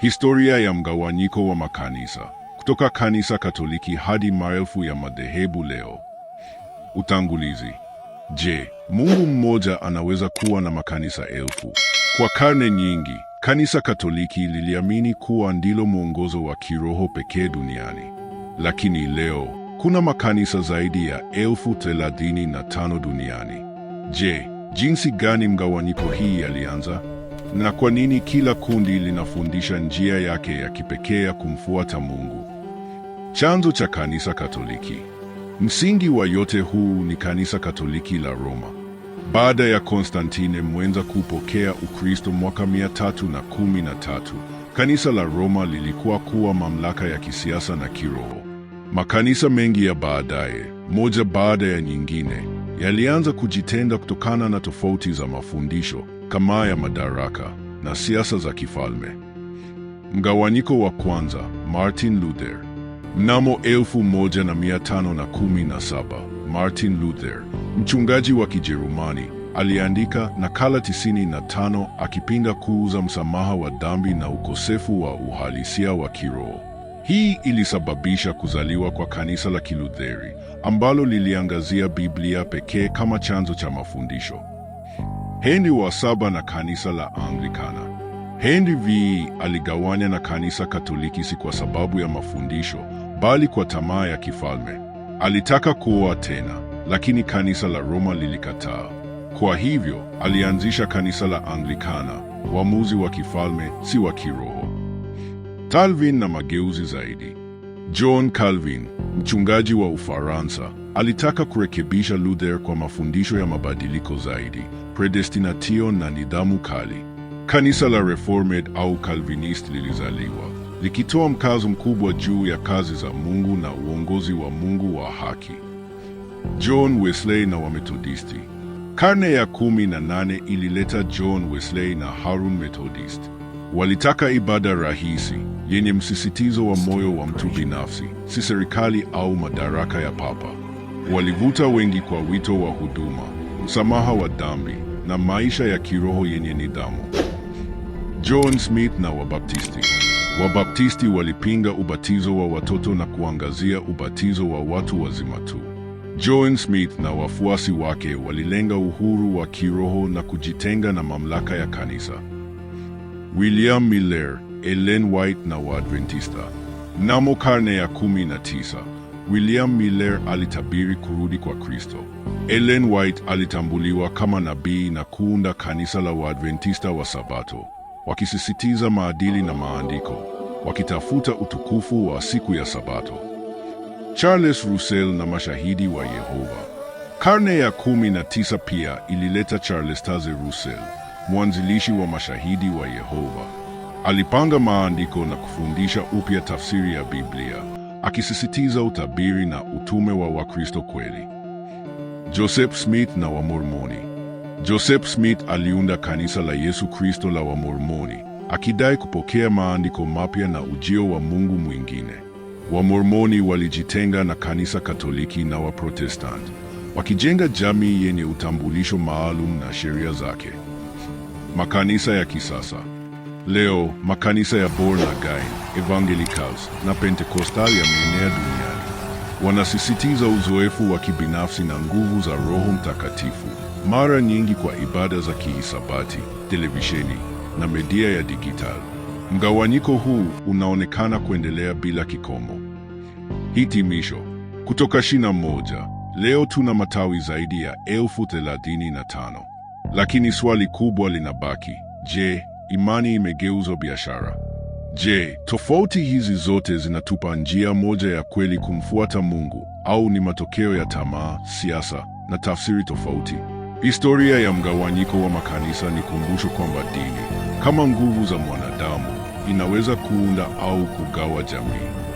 Historia ya mgawanyiko wa makanisa kutoka kanisa Katoliki hadi maelfu ya madhehebu leo. Utangulizi. Je, Mungu mmoja anaweza kuwa na makanisa elfu? Kwa karne nyingi, kanisa Katoliki liliamini kuwa ndilo mwongozo wa kiroho pekee duniani. Lakini leo kuna makanisa zaidi ya elfu thelathini na tano duniani. Je, jinsi gani mgawanyiko hii yalianza? na kwa nini kila kundi linafundisha njia yake ya kipekee ya kumfuata Mungu. Chanzo cha kanisa Katoliki. Msingi wa yote huu ni kanisa Katoliki la Roma. Baada ya Konstantine mwenza kupokea Ukristo mwaka 313, kanisa la Roma lilikuwa kuwa mamlaka ya kisiasa na kiroho. Makanisa mengi ya baadaye, moja baada ya nyingine, yalianza kujitenga kutokana na tofauti za mafundisho kama ya madaraka na siasa za kifalme. Mgawanyiko wa kwanza, Martin Luther. Mnamo 1517 Martin Luther, mchungaji wa Kijerumani, aliandika nakala 95 akipinga kuuza msamaha wa dhambi na ukosefu wa uhalisia wa kiroho. Hii ilisababisha kuzaliwa kwa kanisa la Kilutheri ambalo liliangazia Biblia pekee kama chanzo cha mafundisho. Henry wa saba na kanisa la Anglikana. Henry V aligawanya na kanisa Katoliki si kwa sababu ya mafundisho, bali kwa tamaa ya kifalme. Alitaka kuoa tena, lakini kanisa la Roma lilikataa. Kwa hivyo alianzisha kanisa la Anglikana, wamuzi wa kifalme si wa kiroho. Calvin na mageuzi zaidi. John Calvin, mchungaji wa Ufaransa, Alitaka kurekebisha Luther kwa mafundisho ya mabadiliko zaidi, predestinatio na nidhamu kali. Kanisa la Reformed au Calvinist lilizaliwa likitoa mkazo mkubwa juu ya kazi za Mungu na uongozi wa Mungu wa haki. John Wesley na Wamethodisti. Karne ya kumi na nane ilileta John Wesley na Harun Methodist. Walitaka ibada rahisi yenye msisitizo wa moyo wa mtu binafsi, si serikali au madaraka ya papa walivuta wengi kwa wito wa huduma, msamaha wa dhambi na maisha ya kiroho yenye nidhamu. John Smith na Wabaptisti. Wabaptisti walipinga ubatizo wa watoto na kuangazia ubatizo wa watu wazima tu. John Smith na wafuasi wake walilenga uhuru wa kiroho na kujitenga na mamlaka ya kanisa. William Miller, Ellen White na Waadventista. Mnamo karne ya 19 William Miller alitabiri kurudi kwa Kristo. Ellen White alitambuliwa kama nabii na kuunda kanisa la Waadventista wa Sabato, wakisisitiza maadili na maandiko, wakitafuta utukufu wa siku ya Sabato. Charles Russell na mashahidi wa Yehova. Karne ya kumi na tisa pia ilileta Charles Taze Russell, mwanzilishi wa mashahidi wa Yehova. Alipanga maandiko na kufundisha upya tafsiri ya Biblia akisisitiza utabiri na utume wa Wakristo kweli. Joseph Smith na Wamormoni. Joseph Smith aliunda kanisa la Yesu Kristo la Wamormoni akidai kupokea maandiko mapya na ujio wa Mungu mwingine. Wamormoni walijitenga na kanisa Katoliki na Waprotestanti, wakijenga jamii yenye utambulisho maalum na sheria zake. Makanisa ya kisasa. Leo makanisa ya Born Again Evangelicals na Pentekostal yameenea duniani. Wanasisitiza uzoefu wa kibinafsi na nguvu za Roho Mtakatifu, mara nyingi kwa ibada za kihisabati, televisheni na media ya digitali. Mgawanyiko huu unaonekana kuendelea bila kikomo. Hitimisho kutoka shina moja. Leo tuna matawi zaidi ya elfu thelathini na tano, lakini swali kubwa linabaki: je, imani imegeuzwa biashara? Je, tofauti hizi zote zinatupa njia moja ya kweli kumfuata Mungu au ni matokeo ya tamaa, siasa na tafsiri tofauti? Historia ya mgawanyiko wa makanisa ni kumbusho kwamba dini, kama nguvu za mwanadamu, inaweza kuunda au kugawa jamii.